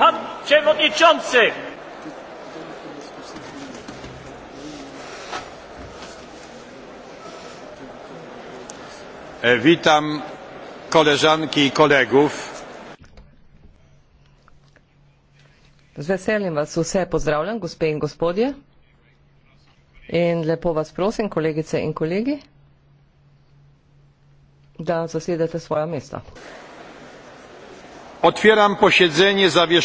Pan Przewodniczący! E, witam koleżanki i kolegów. Z weselim Was wszystkich pozdrawiam, gospe i gospodzie. I lepo Was proszę, kolegice i kolegi, da zasiedzecie swoje miejsca. Otwieram posiedzenie zawieszone.